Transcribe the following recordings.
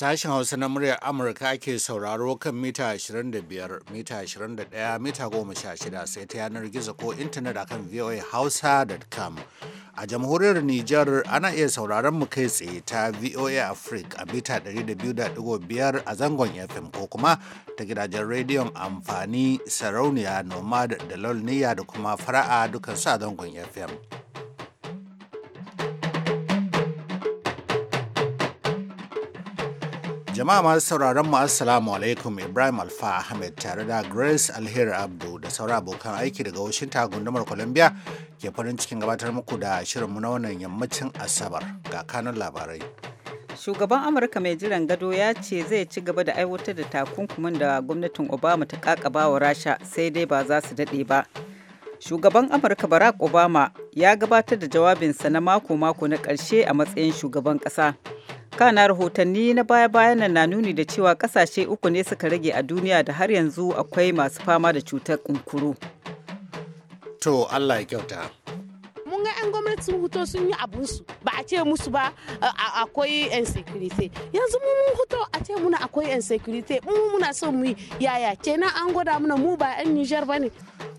Sashen Hausa na muryar Amurka ake sauraro kan mita 25, mita 21, mita 16 sai ta yanar gizo ko intanet akan voahausa.com. A jamhuriyar Nijar ana iya sauraron mu kai tsaye ta VOA Africa a mita 200.5 a zangon FM ko kuma ta gidajen rediyon amfani sarauniya nomad da lolniya da kuma fara'a dukansu a zangon FM. Jama'a masu sauraron mu assalamu alaikum Ibrahim Alfa Ahmed tare da Grace Alheri Abdu da sauran abokan aiki daga ta gundumar Columbia ke farin cikin gabatar muku da shirinmu na wannan yammacin Asabar ga kanun labarai. Shugaban Amurka mai jiran gado ya ce zai ci gaba da aiwatar da takunkumin da gwamnatin Obama ta kakaba wa Rasha sai dai ba za su daɗe ba. Shugaban Amurka Barack Obama ya gabatar da jawabinsa na mako-mako na ƙarshe a matsayin shugaban ƙasa. kana rahotanni na baya-bayan nan na nuni da cewa kasashe uku ne suka rage a duniya da har yanzu akwai masu fama da cutar kunkuru. To Allah ya kyauta. mun ga 'yan gwamnati sun huto sun yi abunsu ba a ce musu ba akwai 'yan security yanzu mu mun huto a ce muna akwai 'yan security mu muna son mu yi yaya na an gwada muna mu ba 'yan nijar ba ne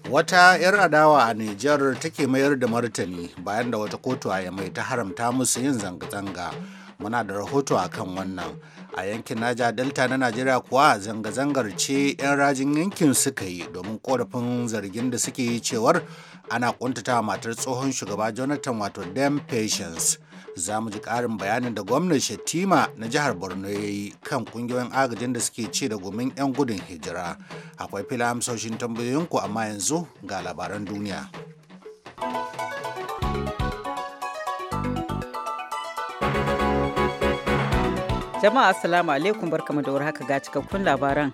wata 'yar adawa a nijar take mayar da martani bayan da wata kotu a yamai ta haramta musu yin zanga-zanga muna da rahoto a kan wannan a yankin naja delta na najeriya kuwa zanga-zangar ce 'yan rajin yankin suka yi domin korafin zargin da suke yi cewar ana kuntata matar tsohon shugaba jonathan wato dem patience za mu ji karin bayanin da gwamnan Shatima na jihar Borno ya yi kan ƙungiyoyin agajin da suke ce da gumin 'yan gudun hijira. Akwai fila amsoshin tambayoyinku amma yanzu ga labaran duniya. Jama'a Assalamu alaikum barkamu da warhaka ga cikakkun labaran.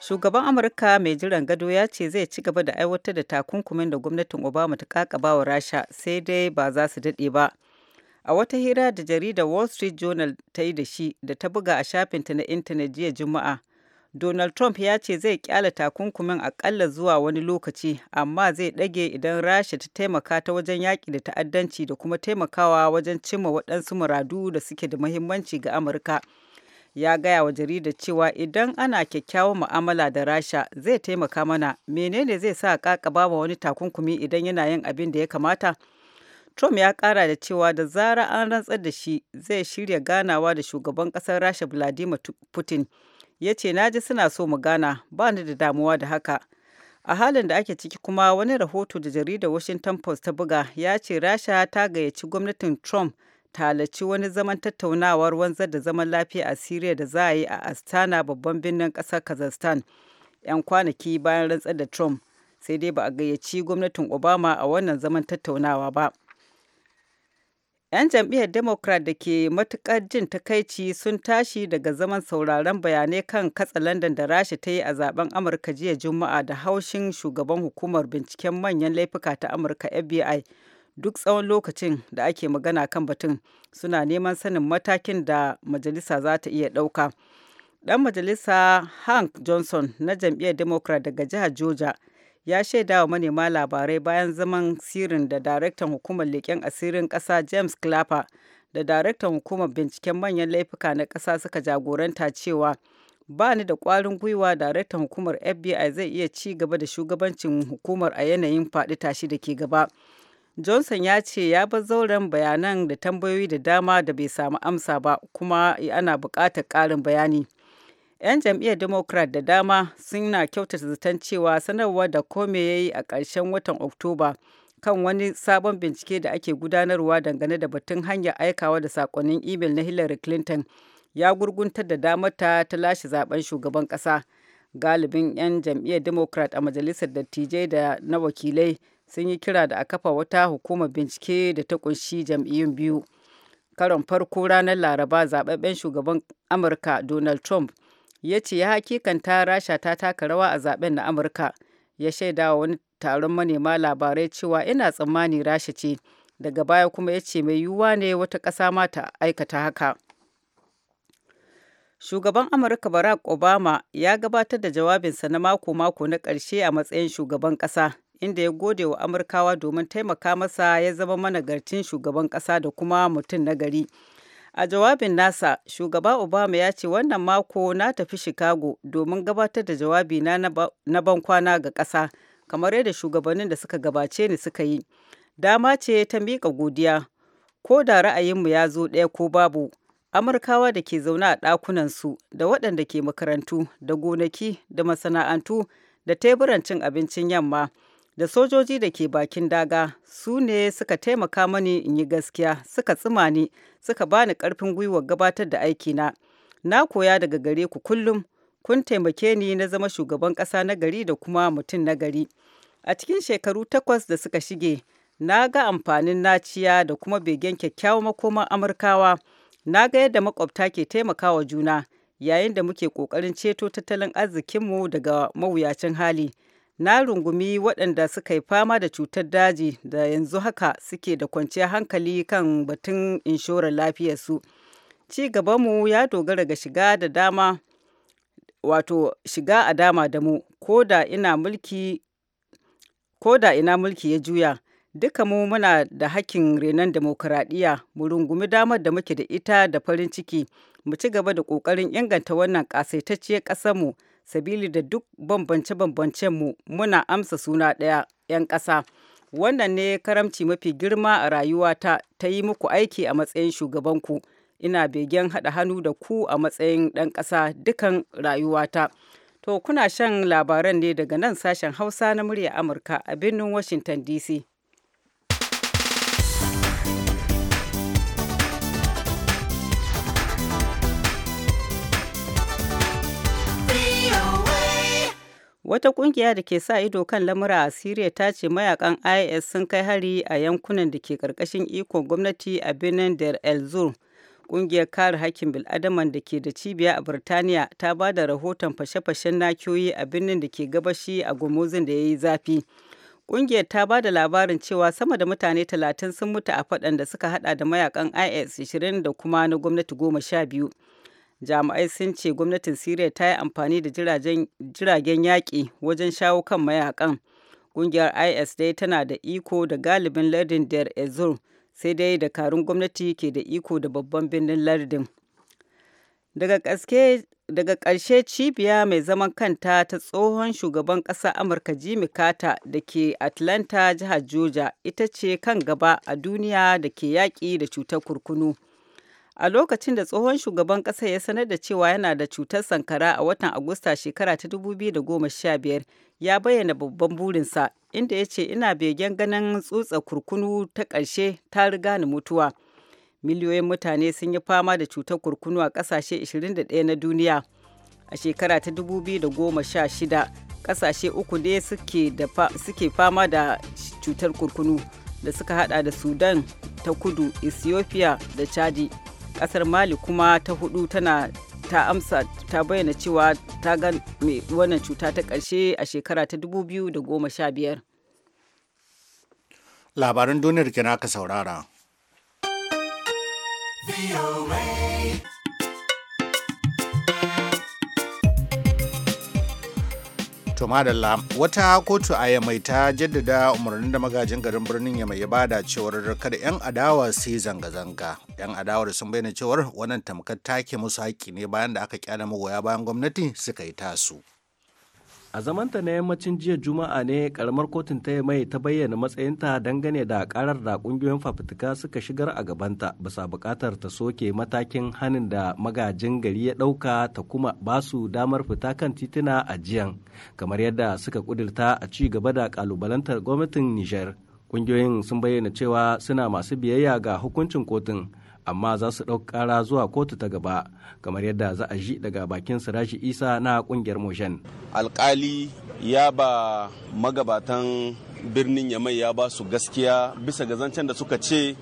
Shugaban Amurka mai jiran gado ya ce zai ci gaba da aiwatar da takunkumin da gwamnatin Obama ta kakaba wa Rasha sai dai ba za su daɗe ba. A wata hira da jaridar Wall Street Journal ta yi da shi da ta buga a shafinta na intanet jiya Juma'a. Donald Trump ya ce zai kyala takunkumin akalla zuwa wani lokaci amma zai ɗage idan Rasha ta taimaka ta wajen yaƙi da ta'addanci da kuma taimakawa wajen cimma waɗansu muradu da suke da muhimmanci ga Amurka. ya gaya wa jaridar cewa idan ana kyakkyawar mu'amala da rasha zai taimaka mana menene zai sa kaka wa wani takunkumi idan yana yin abin da ya kamata trump ya kara da cewa da zara an rantsar da shi zai shirya ganawa da shugaban kasar rasha vladimir putin ya ce na ji suna so mu gana ba ni da damuwa da haka a halin da ake ciki kuma wani rahoto da jaridar washington post ta buga ya ce rasha ta gayyaci gwamnatin trump talaci wani zaman tattaunawar wanzar da zaman lafiya a Siriya da za a yi a Astana babban birnin ƙasar Kazakhstan 'yan kwanaki bayan rantsar da Trump sai dai ba a gayyaci gwamnatin Obama a wannan zaman tattaunawa ba. 'Yan jam'iyyar Democrat da ke matuƙar jin takaici sun tashi daga zaman sauraron bayanai kan katsa London da Rasha ta yi a zaben Amurka jiya Juma'a da haushin shugaban hukumar binciken manyan laifuka ta Amurka FBI. duk tsawon lokacin da ake magana kan batun suna neman sanin matakin da majalisa za ta iya ɗauka. Ɗan majalisa Hank Johnson na jam'iyyar Democrat daga jihar Georgia ya shaida wa manema labarai bayan zaman sirin da daraktan hukumar leƙen asirin ƙasa James Clapper da daraktan hukumar binciken manyan laifuka na ƙasa suka jagoranta cewa ba ni da ƙwarin gwiwa daraktan hukumar FBI zai iya ci gaba da shugabancin hukumar a yanayin faɗi tashi da ke gaba. johnson ya ce ya bar zauren bayanan da tambayoyi da dama da bai samu amsa ba kuma ana buƙatar ƙarin bayani 'yan jam'iyyar democrat da dama suna kyautata zaton cewa sanarwar da kome ya yi a ƙarshen watan oktoba kan wani sabon bincike da ake gudanarwa dangane da batun hanyar aikawa da sakonnin imel na hillary clinton ya gurguntar da damarta ta ta lashe zaben shugaban ƙasa galibin 'yan jam'iyyar democrat a majalisar dattijai da na wakilai sun yi kira da a kafa wata hukumar bincike da ta kunshi jam'iyyun biyu karon farko ranar laraba zababben shugaban amurka donald trump ya ce ya hakikanta rasha ta taka rawa a zaɓen na amurka ya shaidawa wani taron manema labarai cewa ina tsammani rasha ce daga baya kuma ya ce mai yiwuwa ne wata ƙasa ma ta aikata haka shugaban amurka barack obama ya gabatar da jawabinsa na mako-mako na ƙarshe a matsayin shugaban ƙasa inda ya gode wa amurkawa domin taimaka masa ya zama managarcin shugaban ƙasa da kuma mutum na gari a jawabin nasa shugaba obama ya ce wannan mako na tafi chicago domin gabatar da jawabi na na bankwana ga ƙasa kamar yadda shugabannin da suka gabace ni suka yi dama ce ta miƙa godiya ko da ra'ayinmu ya zo ɗaya ko babu amurkawa da ke zaune a ɗakunansu da waɗanda ke makarantu da gonaki da masana'antu da teburan cin abincin yamma da sojoji da ke bakin daga su ne suka taimaka mani in yi gaskiya suka tsimani suka bani karfin gwiwar gabatar da aikina na koya daga gare ku kullum kun taimake ni na zama shugaban ƙasa na gari da kuma mutum na gari a cikin shekaru takwas da suka shige na ga amfanin naciya da kuma begen kyakkyawan makoman amurkawa na ga yadda makwabta ke taimakawa juna yayin da muke ƙoƙarin ceto tattalin arzikinmu daga mawuyacin hali na rungumi waɗanda suka yi fama da cutar daji da yanzu haka suke da kwanciyar hankali kan batun inshorar lafiyarsu ci gabanmu ya dogara ga shiga da dama wato shiga a dama da mu ko da ina mulki ya juya duka mu muna da hakkin renon demokuraɗiyya mu rungumi damar da muke da ita da farin ciki mu ci gaba da ƙoƙarin inganta wannan ƙasaitacciyar ƙasarmu sabili da duk bambance mu muna amsa suna ɗaya 'yan ƙasa. Wannan ne karamci mafi girma a rayuwata ta yi muku aiki a matsayin shugabanku. Ina begen haɗa hannu da ku a matsayin ɗan ƙasa dukan rayuwata. To kuna shan labaran ne daga nan sashen Hausa na murya Amurka a birnin Washington DC. Wata kungiya da ke sa ido kan lamura a Siriya ta ce mayakan IS sun kai hari a yankunan da ke karkashin ikon gwamnati a birnin Der el-Zur. Kungiyar kare hakkin bil'adaman da ke da cibiya a Birtaniya ta ba da rahoton fashe-fashen nakiyoyi a birnin da ke gabashi a gumuzin da ya yi zafi. Kungiyar ta ba da labarin cewa sama da mutane talatin sun mutu a faɗan da suka hada da mayakan IS 20 da kuma na gwamnati 12. jami'ai sun ce gwamnatin siriya ta yi amfani da jiragen yaƙi wajen shawo kan mayakan ƙungiyar is dai tana da iko da galibin lardin der ezur sai dai da dakarun gwamnati ke da iko da babban birnin lardin daga ƙarshe cibiya mai zaman kanta ta tsohon shugaban ƙasa amurka jimmy carter da ke atlanta jihar georgia ita ce kan gaba a duniya da ke yaƙi da cutar kurkunu. a lokacin da tsohon shugaban kasa ya sanar da cewa yana da cutar sankara a watan agusta shekara ta 2015 ya bayyana babban burinsa inda ya ce ina begen ganin tsutsa kurkunu ta ƙarshe ta riga ni mutuwa miliyoyin mutane sun yi fama da cutar kurkunu a ƙasashe 21 na duniya a shekara ta 2016 ƙasashe uku ne suke fama da cutar kurkunu da suka hada da sudan ta kudu ethiopia da chadi kasar mali kuma ta hudu tana ta amsa ta bayyana cewa ta ga wannan cuta ta karshe a shekara ta 2015 labaran duniyar kina ka saurara. to madalla wata kotu a yamai ta jaddada umarnin da magajin garin birnin yamai ya bada cewar kada 'yan adawa su yi zanga-zanga 'yan adawar sun bayyana cewar wannan tamkar take musu haƙƙi ne bayan da aka kyana magoya bayan gwamnati suka yi tasu a zamanta na yammacin jiya juma'a ne karamar kotun ta mai ta bayyana matsayinta dangane da karar da kungiyoyin fafutuka suka shigar a gabanta bisa bukatar ta soke matakin hannun da magajin gari ya ɗauka ta kuma basu damar fita kan tituna a jiyan kamar yadda suka kudurta a ci gaba da kalubalantar gwamnatin niger kungiyoyin sun bayyana cewa suna masu biyayya ga hukuncin kotun amma za su ɗauki ƙara zuwa kotu ta gaba kamar yadda za a ji daga bakin sirashi isa na ƙungiyar motion alƙali ya ba magabatan birnin yamai ya ba su gaskiya bisa ga zancen da suka ce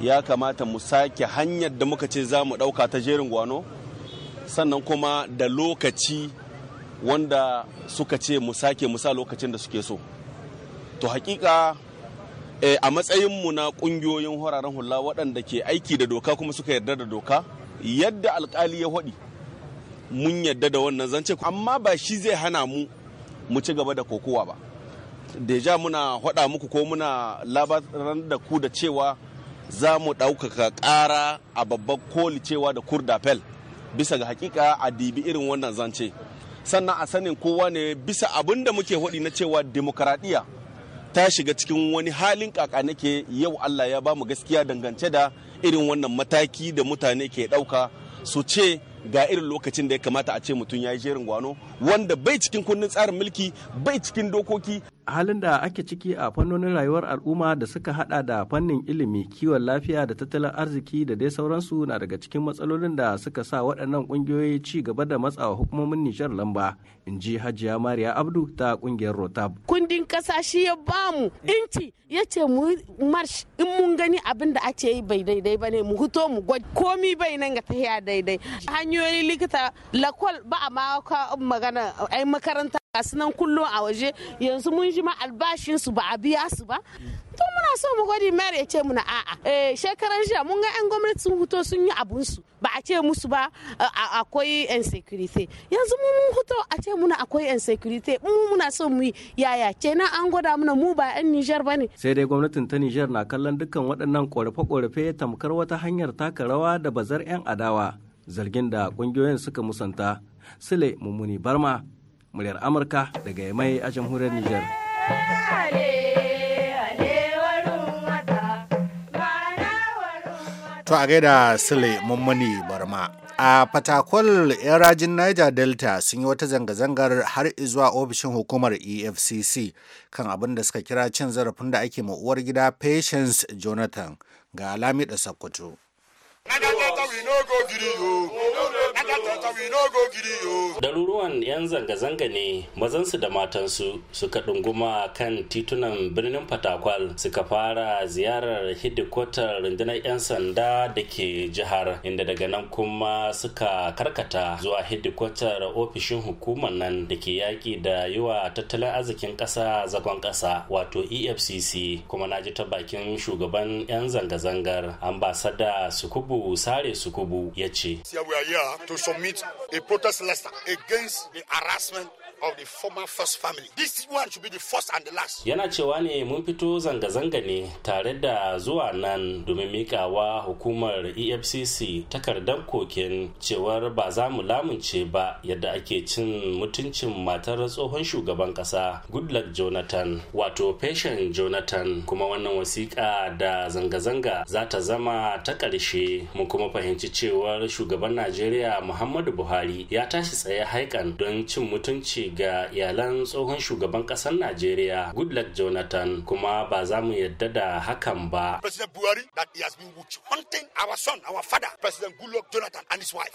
ya kamata mu sake hanyar da muka ce za mu ɗauka ta jerin gwano sannan kuma da lokaci wanda suka ce mu sake musa lokacin da suke so to hakika Eh, a matsayinmu na ƙungiyoyin horaren hula waɗanda ke aiki da doka kuma suka yarda da doka yadda alkali ya haɗi mun yarda da wannan zance amma ba shi zai hana mu mu ci gaba da kokowa ba deja muna haɗa muku ko muna labaran da ku da cewa za mu ɗaukaka ƙara a babban koli cewa da kurdapel bisa ga hakika a dibi irin wannan zance sannan a sanin kowa ne bisa abin da muke haɗi na cewa demokaradiyya ta shiga cikin wani halin kaka nake yau Allah ya ba mu gaskiya dangance da irin wannan mataki da mutane ke ɗauka su ce ga irin lokacin da ya kamata a ce mutum ya yi jerin gwano wanda bai cikin kundin tsarin mulki bai cikin dokoki halin da ake ciki a fannonin rayuwar al'umma da suka hada da fannin ilimi kiwon lafiya da tattalin arziki da dai sauransu na daga cikin matsalolin da suka sa waɗannan ƙungiyoyi ci gaba da matsawa hukumomin nijar lamba in ji hajiya mariya abdu ta ƙungiyar rotab kundin ƙasa shi ya bamu inci ya ce mu marsh in mun gani abin da ake yi bai daidai ba ne mu hito mu gwaji komi bai nan ga tahiya daidai hanyoyi likita lakwal ba a ma magana ai makaranta gasu nan kullum a waje yanzu mun ji ma albashin su ba a biya su ba to muna so mu gwadi mayar ya ce muna a'a eh shekaran jiya mun ga yan gwamnati sun huto sun yi abun su ba a ce musu ba akwai yan security yanzu mun huto a ce muna akwai yan security mu muna so mu yi ce na an gwada muna mu ba yan Niger bane sai dai gwamnatin ta Niger na kallon dukkan waɗannan korafe-korafe tamkar wata hanyar taka rawa da bazar yan adawa zargin da kungiyoyin suka musanta sule mummuni barma muryar amurka daga yamai a jamhuriyar niger to a gaida sule mummuni barma a fatakwal 'yan rajin niger delta sun yi wata zanga-zangar har zuwa ofishin hukumar efcc kan abin da suka kira cin zarafin da ake ma uwar gida patience jonathan ga alami da sakkwato Daruruwan 'yan zanga-zanga ne mazansu da matansu suka ɗunguma kan titunan birnin Fatakwal suka fara ziyarar hidikotar rundunar 'yan sanda da ke jihar inda daga nan kuma suka karkata zuwa hidikotar ofishin hukumar nan da ke yaƙi da yiwa tattalin arzikin ƙasa zagon ƙasa wato EFCC kuma na ji ta bakin shugaban 'yan zanga-zangar ambasada Sukubu Yakubu Sare su kubu ya ce. of the former first family. This one should be the first and the last. Yana cewa ne mun fito zanga-zanga ne tare da zuwa nan domin mikawa hukumar EFCC takardar koken cewar ba za mu lamunce ba yadda ake cin mutuncin matar tsohon shugaban kasa Goodluck Jonathan wato Patient Jonathan kuma wannan wasiƙa da zanga-zanga za ta zama ta ƙarshe mun kuma fahimci cewar shugaban Najeriya Muhammadu Buhari ya tashi tsaye haikan don cin mutunci ga iyalan tsohon shugaban kasar najeriya goodluck jonathan kuma ba za mu yadda da hakan ba Buhari son Jonathan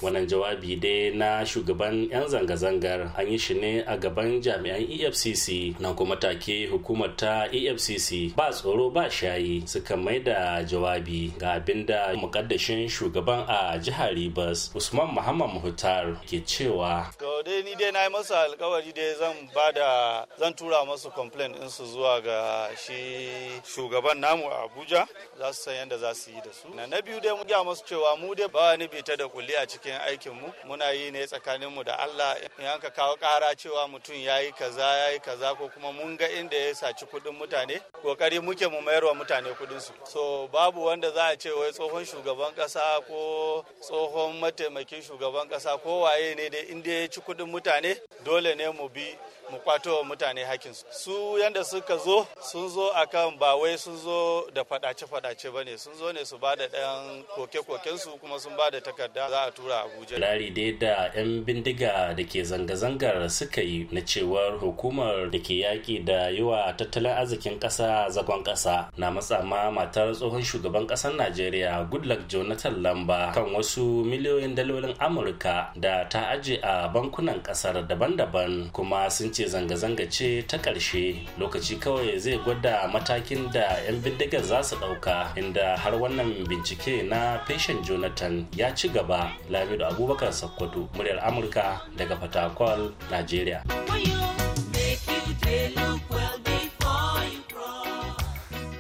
wannan jawabi dai na shugaban 'yan zanga-zangar an yi shi ne a gaban jami'an efcc nan kuma take hukumar ta efcc ba tsoro ba shayi suka mai da jawabi ga abinda da mukaddashin shugaban a jihar ribas usman muhammad muhtar ke cewa ni dai na yi masa alkawari alkawari dai zan ba da zan tura masu complain in su zuwa ga shi shugaban namu a Abuja za su san yadda za su yi da su. Na biyu dai mu gaya masu cewa mu dai ba wani bita da kulli a cikin aikin mu muna yi ne tsakanin mu da Allah in an ka kawo kara cewa mutum yayi kaza yayi kaza ko kuma mun ga inda ya saci kuɗin mutane kokari muke mu mayar wa mutane kuɗin su. So babu wanda za a ce wai tsohon shugaban kasa ko tsohon mataimakin shugaban kasa ko waye ne dai inda ya ci kuɗin mutane dole ne Elmobi mu kwato mutane hakinsu su yanda suka zo sun zo akan ba wai sun zo da fadace-fadace ba ne sun zo ne su ba da ɗayan koke su kuma sun ba da takarda za a tura abuja lari dai da 'yan bindiga da ke zanga-zangar suka yi na cewar hukumar da ke yaƙi da yawa tattalin arzikin ƙasa zagon ƙasa na matsa ma matar tsohon shugaban ƙasar najeriya goodluck jonathan lamba kan wasu miliyoyin dalolin amurka da ta aje a bankunan ƙasar daban-daban kuma sun ci ce zanga-zanga ce ta karshe lokaci kawai zai gwada matakin da 'yan bindigar za su ɗauka inda har wannan bincike na feshin jonathan ya ci gaba lamido abubakar sakkwato muryar amurka daga fatakwal nigeria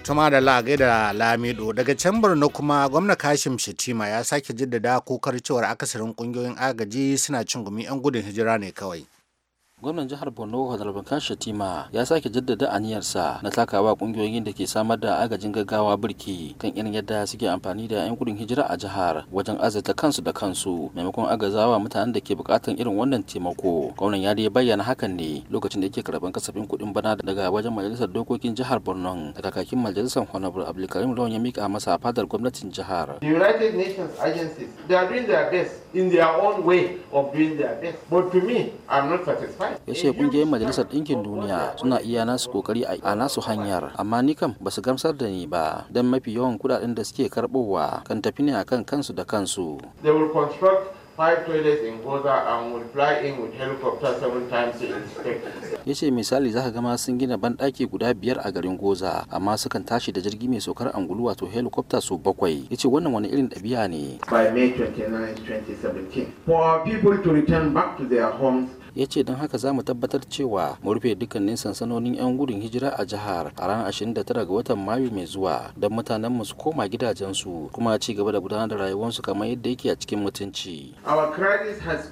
tuma da lagai da lamido daga can na kuma gwamna kashim shatima ya sake jaddada kokar cewar akasarin kungiyoyin agaji suna cin gumi 'yan gudun hijira ne kawai gwamnan jihar borno Kashe Tima ya sake jaddada aniyarsa na takawa kungiyoyin da ke samar da agajin gaggawa birki kan irin yadda suke amfani da yan gudun hijira a jihar wajen azata kansu da kansu maimakon agazawa mutanen da ke bukatan irin wannan taimako gwamnan ya dai bayyana hakan ne lokacin da yake karban kasafin kuɗin bana daga wajen majalisar dokokin jihar borno da kakakin majalisar honorable abdulkarim lawan ya mika masa fadar gwamnatin jihar the united nations agencies they are doing their best in their own way of doing their best but to me i'm not satisfied ya ce kungiyoyin majalisar ɗinkin duniya suna iya nasu kokari a nasu hanyar amma ni kam ba su gamsar da ni ba don mafi yawan kudaden da suke karbowa kan tafi ne akan kansu da kansu they Ya ce misali zaka gama sun gina banɗaki guda biyar a garin Goza amma sukan tashi da jirgi mai saukar angulu wato helicopter su bakwai. Ya ce wannan wani irin ɗabi'a ne. By May 29, 2017, for our people to return back to their homes ya ce don haka za mu tabbatar cewa mu rufe dukkanin sansanonin 'yan gudun hijira a jihar a ranar 29 ga watan mayu mai zuwa don mutanen su koma gidajensu kuma ci gaba da gudanar da rayuwarsu kamar yadda yake a cikin mutunci. Our has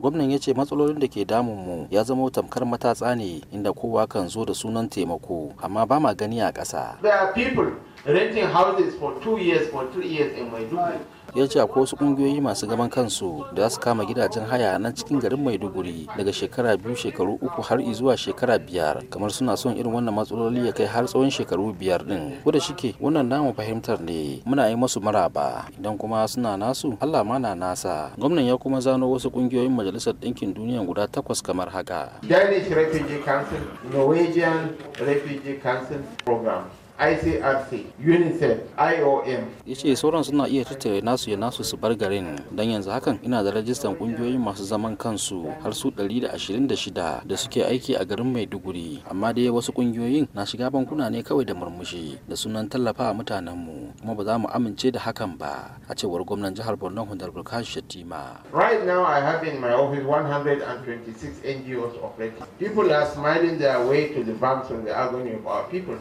Gwamnan ya ce matsalolin da ke damun mu ya zama tamkar matatsa ne inda kowa kan zo da sunan taimako amma ba ma gani a ƙasa. There are people renting houses for two years, for three years in Maiduguri. ya ce akwai wasu kungiyoyi masu gaban kansu da za su kama gidajen haya nan cikin garin maiduguri daga shekara biyu shekaru uku har zuwa shekara biyar kamar suna son irin wannan matsaloli ya kai har tsawon shekaru biyar din ko da shike wannan namu fahimtar ne muna yi masu maraba idan kuma suna nasu allah ma na nasa gwamnan ya kuma zano wasu kungiyoyin majalisar ɗinkin duniya guda takwas kamar haka Danish Refugee Council, Norwegian Refugee Council Program, ICRC, UNICEF, IOM. Ya ce sauran suna iya tattare nasu ya nasu su bar garin don yanzu hakan ina da rajistan kungiyoyin masu zaman kansu har su 126 da suke aiki a garin Maiduguri amma dai wasu kungiyoyin na shiga bankuna ne kawai da murmushi da sunan tallafa a mutanenmu kuma ba za mu amince da hakan ba a cewar gwamnan jihar Borno Hundar Kashi Shatima. Right now I have in my office 126 NGOs operating. People are smiling their way to the banks on the agony of our people.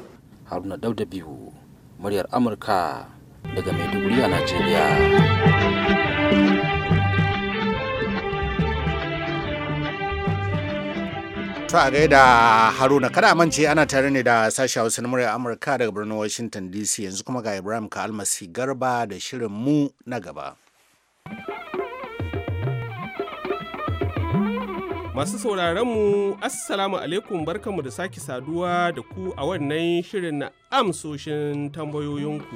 haruna dauda biyu muryar amurka daga maiduguri a najeriya to a gaida haruna kada mance ana tare ne da sashi hausa na muryar amurka daga birnin washington dc yanzu kuma ga ibrahim ka almasi garba da shirin mu na gaba Masu sauraronmu, Assalamu alaikum barkanmu da sake saduwa da ku a wannan shirin na amsoshin tambayoyinku.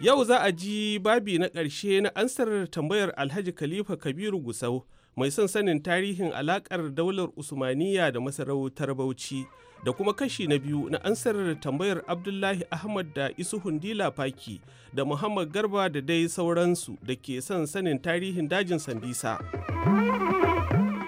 Yau za a ji babi na ƙarshe na ansar tambayar Alhaji Khalifa Kabiru Gusau, mai son sanin tarihin alaƙar daular Usmaniya da masarautar Bauchi, da kuma kashi na biyu na ansar tambayar Abdullahi Ahmad da Isu Hundila Faki da Muhammad Garba da dai sauransu da ke son sanin tarihin dajin Sambisa.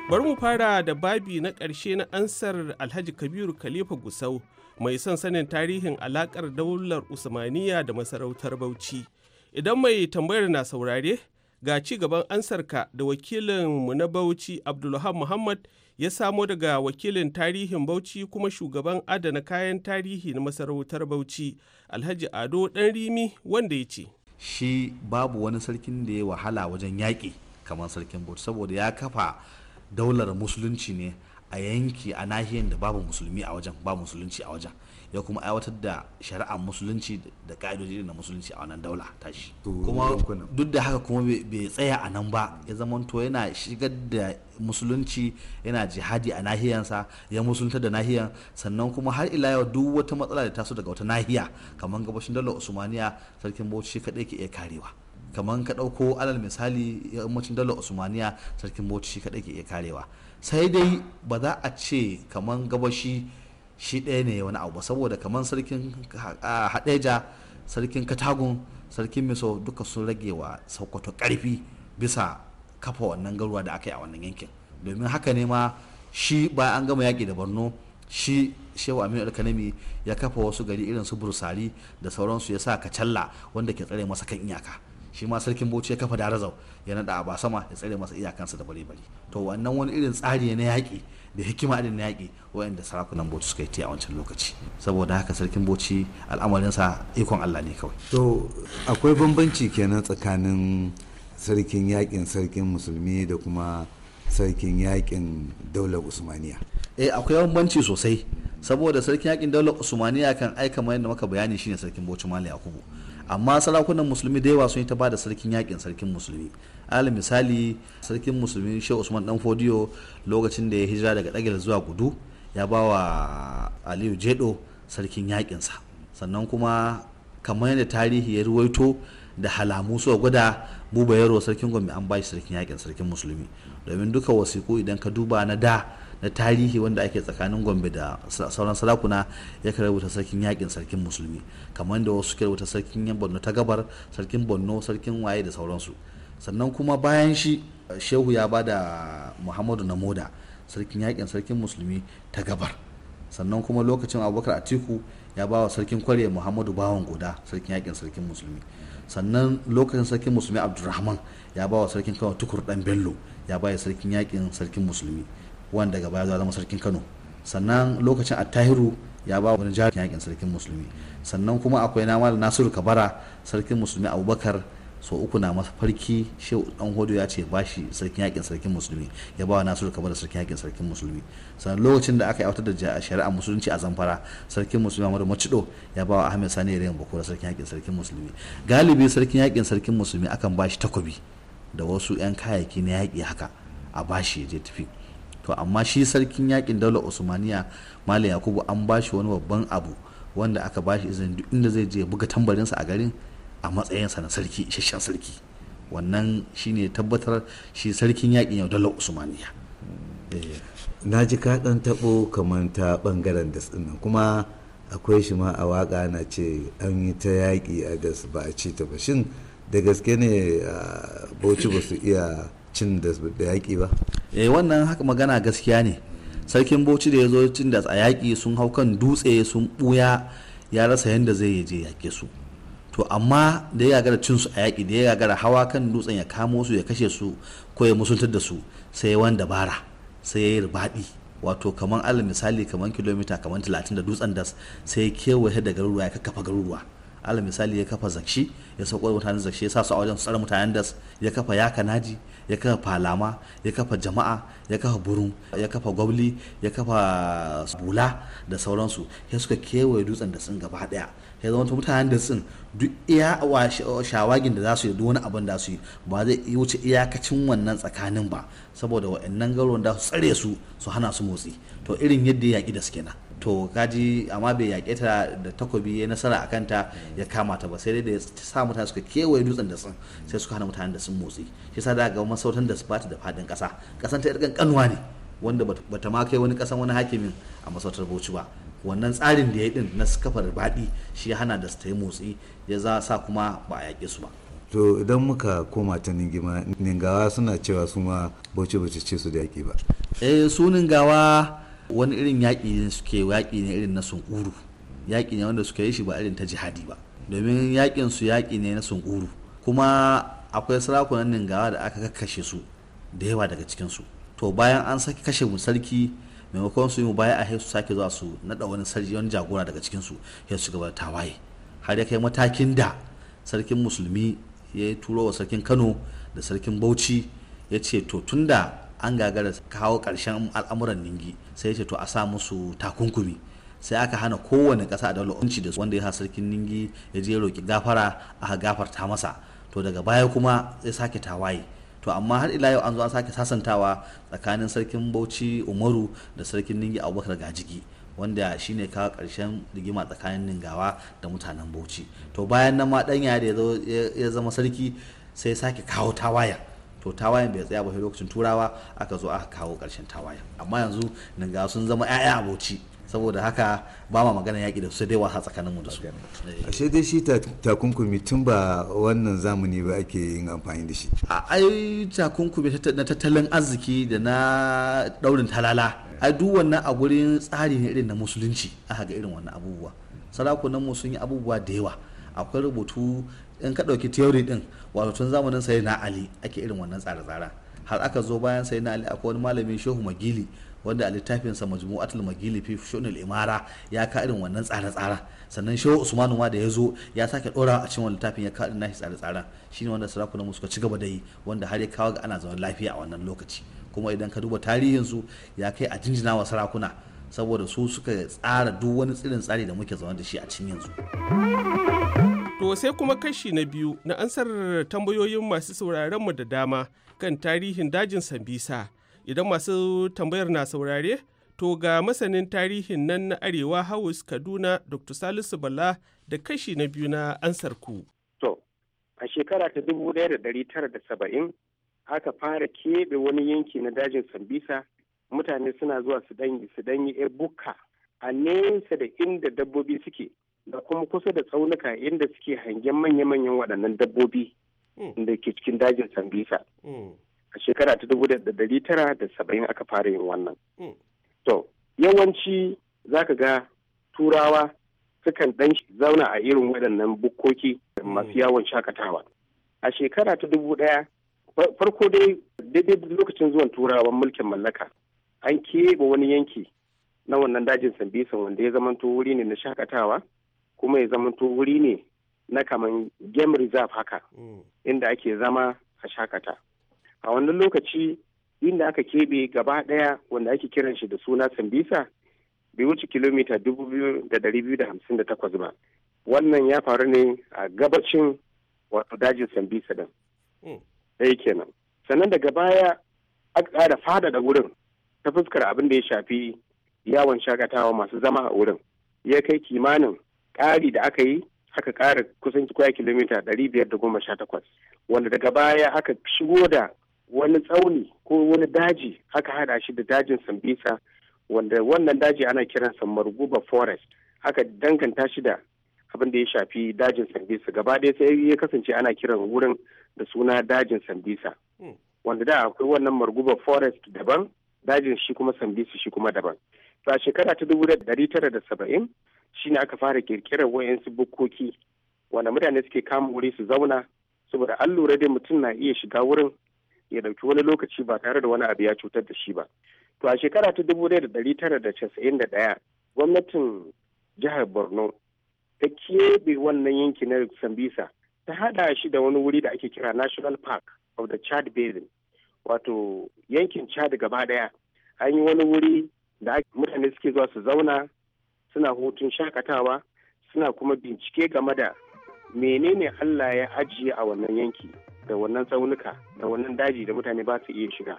Bari mu fara da babi na ƙarshe na ansar Alhaji Kabiru Khalifa Gusau mai son sanin tarihin alaƙar daular Usmaniya da masarautar Bauchi. Idan mai tambayar na saurare, ga ci gaban ansarka da wakilinmu na Bauchi Abdulham Muhammad ya samo daga wakilin tarihin Bauchi kuma shugaban adana kayan tarihi na masarautar Bauchi Alhaji Ado Dan Rimi wanda ya ce. Shi babu wani sarkin da ya wahala wajen yaƙi kamar sarkin Bauchi saboda ya kafa daular musulunci ne a yanki a nahiyar da babu musulmi a wajen ba musulunci a wajen ya kuma aiwatar da shari'ar musulunci da ka'idoji na musulunci a wannan daula tashi kuma duk da haka kuma bai tsaya a nan ba ya zamanto yana shigar da musulunci yana jihadi a nahiyansa ya musulunta da nahiyan sannan kuma har ila yau duk wata matsala da ta so daga wata nahiya kamar gabashin dalar usmaniya sarkin bauchi kadai ke iya karewa kamar ka ɗauko alal misali yammacin dala usmaniya sarkin bauchi shi kaɗai ke iya karewa sai dai ba za a ce kamar gabashi shi ɗaya ne wani abu saboda kamar sarkin haɗeja sarkin katagun sarkin miso duka sun rage wa sokoto ƙarfi bisa kafa wannan garuwa da aka yi a wannan yankin domin haka ne ma shi ba an gama yaƙi da borno shi shehu aminu alkanami ya kafa wasu gari irin su bursari da sauransu ya sa kacalla wanda ke tsare masa kan iyaka shi ma sarkin bauchi ya kafa darazau ya naɗa a sama ya tsare masa iyakansa da bare bare to wannan wani irin tsari na yaƙi da hikima din na yaƙi wayanda sarakunan bauchi suka yi ta a wancan lokaci saboda haka sarkin bauchi al'amarinsa ikon Allah ne kawai to akwai bambanci kenan tsakanin sarkin yaƙin sarkin musulmi da kuma sarkin yaƙin daular usmaniya eh akwai bambanci sosai saboda sarkin yaƙin daular usmaniya kan aika mai da maka bayani shine sarkin bauchi malam yakubu amma salakunan musulmi da yawa sun yi ta bada sarkin yakin sarkin musulmi alal misali sarkin musulmi shehu usman dan fodiyo lokacin da ya hijira daga dagil zuwa gudu ya ba wa aliyu jedo sarkin yakinsa sannan kuma kamar yadda tarihi ya ruwaito da halamu su gwada buba yaro sarkin gombe an ba shi sarkin yakin sarkin musulmi domin duka wasiku idan ka duba na da na tarihi wanda ake tsakanin gombe da sauran sarakuna ya ka rubuta sarkin yakin sarkin musulmi kamar da wasu ke rubuta sarkin yan borno ta gabar sarkin borno sarkin waye da sauransu sannan kuma bayan shi shehu ya ba da muhammadu na moda sarkin yakin sarkin musulmi ta gabar sannan kuma lokacin abubakar atiku ya ba wa sarkin kwarya muhammadu bawan guda sarkin yakin sarkin musulmi sannan lokacin sarkin musulmi abdulrahman ya ba wa sarkin kawai tukur dan bello ya ba ya sarkin yakin sarkin musulmi wanda daga baya zama sarkin kano sannan lokacin attahiru ya ba wani jarin yakin sarkin musulmi sannan kuma akwai nama da nasiru kabara sarkin musulmi abubakar so uku na masa farki shehu dan hodo ya ce ba shi sarkin yakin sarkin musulmi ya ba wa nasiru kabara sarkin yakin sarkin musulmi sannan lokacin da aka yi da shari'a musulunci a zamfara sarkin musulmi amadu macido ya ba wa ahmed sani rayan bakura sarkin yakin sarkin musulmi galibi sarkin yakin sarkin musulmi akan ba shi takobi da wasu yan kayayyaki na yaƙi haka a bashi je tafi to amma shi sarkin yakin daular usmaniya malam yakubu an ba shi wani babban abu wanda aka ba shi izini duk inda zai je buga tambarinsa a garin a matsayinsa na sarki isasshen sarki wannan shine tabbatar shi sarkin yakin yau daular usmaniya eh. na ji ka dan tabo kamar ta bangaren da kuma akwai shi ma a waka na ce an yi ta yaƙi a gas ba a ci ta ba shin da gaske ne ah, bauchi ba su iya cin da yaƙi ba eh wannan haka magana gaskiya ne sarkin boci da ya zo cin da a yaƙi sun hau kan dutse sun ɓuya ya rasa yadda zai yi je yaƙe su to amma da ya gagara cin su a yaƙi da ya gagara hawa kan dutsen ya kamo su ya kashe su ko ya musuntar da su sai ya wanda bara sai ya yi rubaɗi wato kamar alal misali kamar kilomita kamar talatin da dutsen das sai ya kewaye da garuruwa ya kakkafa garuruwa ala misali ya kafa zakshi ya sauko mutanen zakshi ya sa su a wajen tsara mutanen da ya kafa yaka naji ya kafa falama ya kafa jama'a ya kafa burun ya kafa gwabli ya kafa bula da sauransu ya suka kewaye dutsen da sun gaba daya ya zama mutanen da sun duk iya shawagin da za su yi duk wani abin da su yi ba zai wuce iyakacin wannan tsakanin ba saboda wa'annan garuruwan da su tsare su su hana su motsi to irin yadda yaƙi da suke nan to kaji amma bai yaƙe ta da takobi ya nasara a kanta ya kama ta ba sai dai da ya sa mutane suka kewaye dutsen da sun sai suka hana mutane da sun motsi shi sa daga ga masautan da su bata da fadin ƙasa ƙasan ta yadda kanuwa ne wanda bata ma kai wani ƙasan wani hakimin a masautar bauchi ba wannan tsarin da ya din na kafar baɗi shi hana da su ta yi motsi ya za sa kuma ba a yaƙe su ba to idan muka koma ta ningima ningawa suna cewa su ma bauchi bauchi ce su da yaƙi ba eh su ningawa wani irin yaƙi ne suke yaƙi ne irin na sunkuru yaƙi ne wanda suka yi shi ba irin ta jihadi ba domin yaƙin su yaƙi ne na sunkuru kuma akwai sarakunan ningawa da aka kakkashe su da yawa daga cikin su to bayan an saki kashe mu sarki maimakon su yi mu baya a su sake zuwa su naɗa wani sarki wani jagora daga cikin su ya su gaba tawaye har ya kai matakin da sarkin musulmi ya turo wa sarkin kano da sarkin bauchi ya ce to tunda an gagara kawo karshen al'amuran ningi sai ce to a sa musu takunkumi sai aka hana kowane ƙasa da lokacin da wanda ya sa sarkin ningi ya je roƙi gafara aka gafarta masa to daga baya kuma sai sake tawaye to amma har ila yau an zo an sake sasantawa tsakanin sarkin bauchi umaru da sarkin ningi abubakar jiki wanda shi ne kawo karshen rigima tsakanin ningawa da mutanen bauchi to bayan nan ma ɗanya da ya zama sarki sai sake kawo tawaya to tawayen bai tsaya ba sai lokacin turawa aka zo aka kawo karshen tawayen amma yanzu ninga sun zama 'ya'ya aboci saboda haka ba ma magana yaƙi da su dai wasa tsakanin mu da su eh. ashe dai shi takunkumi tun ba wannan zamani ba ake yin amfani da shi a ai takunkumi na tattalin arziki da na daurin talala ai duk wannan a gurin tsari ne irin na musulunci aka ga irin wannan abubuwa sarakunan mu sun yi abubuwa da yawa akwai rubutu in ka ɗauki theory din wato tun zamanin sai na ali ake irin wannan tsare tsaren har aka zo bayan sai na ali akwai wani malami shehu magili wanda a littafinsa majmu'atul magili fi shunul imara ya ka irin wannan tsare tsaren sannan shehu usmanu ma da ya zo ya sake dora a cikin littafin ya ka irin nashi tsare-tsaren shine wanda sarakuna mu suka ci gaba da yi wanda har ya kawo ga ana zaman lafiya a wannan lokaci kuma idan ka duba tarihin su ya kai a jinjina wa sarakuna saboda su suka tsara duk wani tsirin tsari da muke zaune da shi a cikin yanzu. To sai kuma kashi na biyu na ansar tambayoyin masu sauraronmu da dama kan tarihin dajin Sambisa. Idan masu tambayar na saurare, to ga masanin tarihin nan na Arewa House Kaduna Dr. Salisu Bala da kashi na biyu na ansar ku. To, a shekara ta dubu da da tara saba'in aka fara keɓe wani yanki na dajin Sambisa mutane suna zuwa su danyi su danyi a nesa da inda dabbobi suke da kuma kusa da tsaunuka inda suke hangen manya-manyan waɗannan dabbobi hmm. da ke cikin dajin sambisa hmm. a shekara ta dubu da dari tara da saba'in aka fara yin wannan hmm. to yawanci za ka ga turawa sukan ɗan zauna a irin waɗannan bukkoki masu yawon shakatawa a shekara ta dubu ɗaya farko dai daidai lokacin zuwan turawan mulkin mallaka an keɓe wani yanki na wannan dajin sambisa wanda ya zamanto wuri ne na shakatawa kuma ya zama wuri ne na kamar game reserve haka mm. inda ake zama a shakata a wannan lokaci inda aka keɓe gaba ɗaya wanda ake kiran shi da suna sambisa bai wuce kilomita takwas ba wannan ya faru ne a gabacin wato dajin sambisa din mm. ɗaya kenan sannan daga baya aka ƙara da wurin ta fuskar abin da ya shafi yawon shakatawa masu zama a wurin ya kai kimanin ƙari da aka yi aka ƙara kusan kwaya kilomita ɗari biyar da goma sha takwas wanda daga baya aka shigo da wani tsauni ko wani daji aka hada shi da dajin sambisa wanda wannan daji ana kiransa marguba forest aka danganta shi da abin da ya shafi dajin sambisa gaba ɗaya sai ya kasance ana kiran wurin da suna dajin sambisa hmm. wanda da akwai wannan marguba forest daban dajin shi kuma sambisa shi kuma daban a shekara ta dubu da dari tara da saba'in shine aka fara kirkirar wayansu bukkoki wanda mutane suke kama wuri su zauna saboda an lura dai mutum na iya shiga wurin ya dauki wani lokaci ba tare da wani abu ya cutar da shi ba to a shekara ta dubu da dari tara da casa'in da ɗaya gwamnatin jihar borno ta keɓe wannan yanki na sambisa ta haɗa shi da wani wuri da ake kira national park of the chad basin wato yankin chad gaba ɗaya an yi wani wuri da mutane suke zuwa su zauna suna hutun shakatawa suna kuma bincike game da menene Allah ya ajiye a wannan yanki da wannan tsaunuka da wannan daji da mutane ba su iya shiga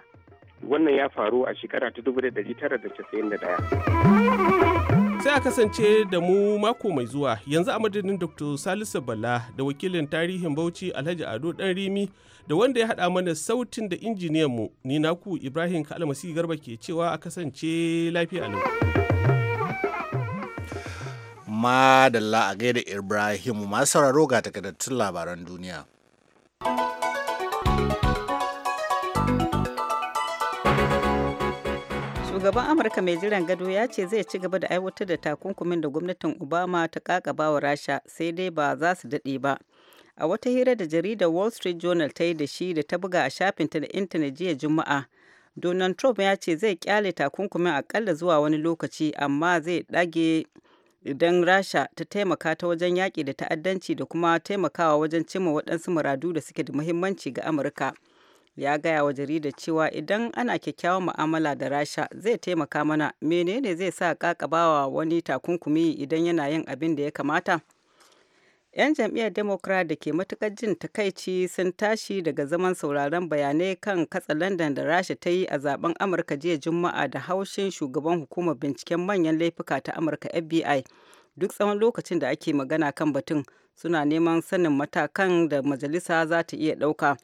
wannan ya faru a shekara ta 1991 sai a kasance da mu mako mai zuwa yanzu a madadin dr salisu bala da wakilin tarihin bauchi alhaji ado dan rimi da wanda ya haɗa mana sautin da injiniyanmu ni naku ibrahim kalmasi garba ke cewa a kasance lafiya lau madalla a gaida ibrahim masu sauraro ga takardattun labaran duniya shugaban amurka mai jiran gado ya ce zai ci gaba da aiwatar da takunkumin da gwamnatin obama ta kakaba wa rasha sai dai ba za su daɗe ba a wata hira da jaridar wall street journal ta yi da shi da ta buga a shafinta da intanet jiya juma'a donald trump ya ce zai kyale takunkumin akalla zuwa wani lokaci amma zai ɗage idan rasha ta taimaka ta wajen yaƙi da ta'addanci da kuma taimakawa wajen cimma waɗansu muradu da suke da muhimmanci ga amurka ya gaya wa jaridar cewa idan ana kyakkyawan mu'amala da rasha zai taimaka mana menene zai sa kakabawa wani takunkumi idan yana yin abin da ya kamata 'Yan jam'iyyar Democrat da ke matukar jin takaici sun tashi daga zaman sauraron bayanai kan katsa katsalandan da Rasha ta yi a zaben Amurka jiya Juma'a da haushin shugaban hukumar binciken manyan laifuka ta Amurka FBI. Duk tsawon lokacin da ake magana kan batun suna neman sanin matakan da majalisa za ta iya ɗauka.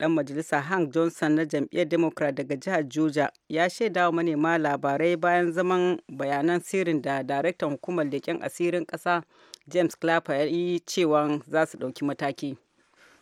dan majalisa Hank Johnson na jam'iyyar Democrat daga jihar Georgia ya shaida wa manema labarai bayan zaman bayanan sirrin da daraktan hukumar leƙen asirin ƙasa james clapper ya yi cewa za su ɗauki mataki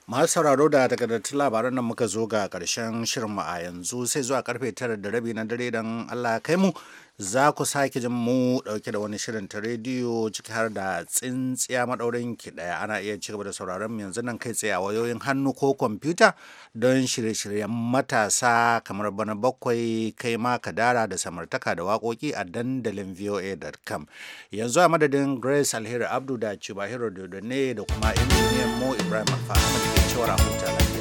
masu sauraro da takardattun labaran nan muka zo ga karshen shirinmu a yanzu sai zuwa karfe tara da rabi na dare don allah kai mu za ku sake jin mu dauke da wani shirin ta rediyo ciki har da tsintsiya maɗaurin ki ɗaya ana iya ci gaba da sauraron mu yanzu nan kai tsaye a wayoyin hannu ko kwamfuta don shirye-shiryen matasa kamar bana bakwai kai ma dara da samartaka da waƙoƙi a dandalin voa.com yanzu a madadin grace alheri abdu da cibahiro dodo da kuma injiniyan mu ibrahim alfa ahmad ke cewar a huta lafiya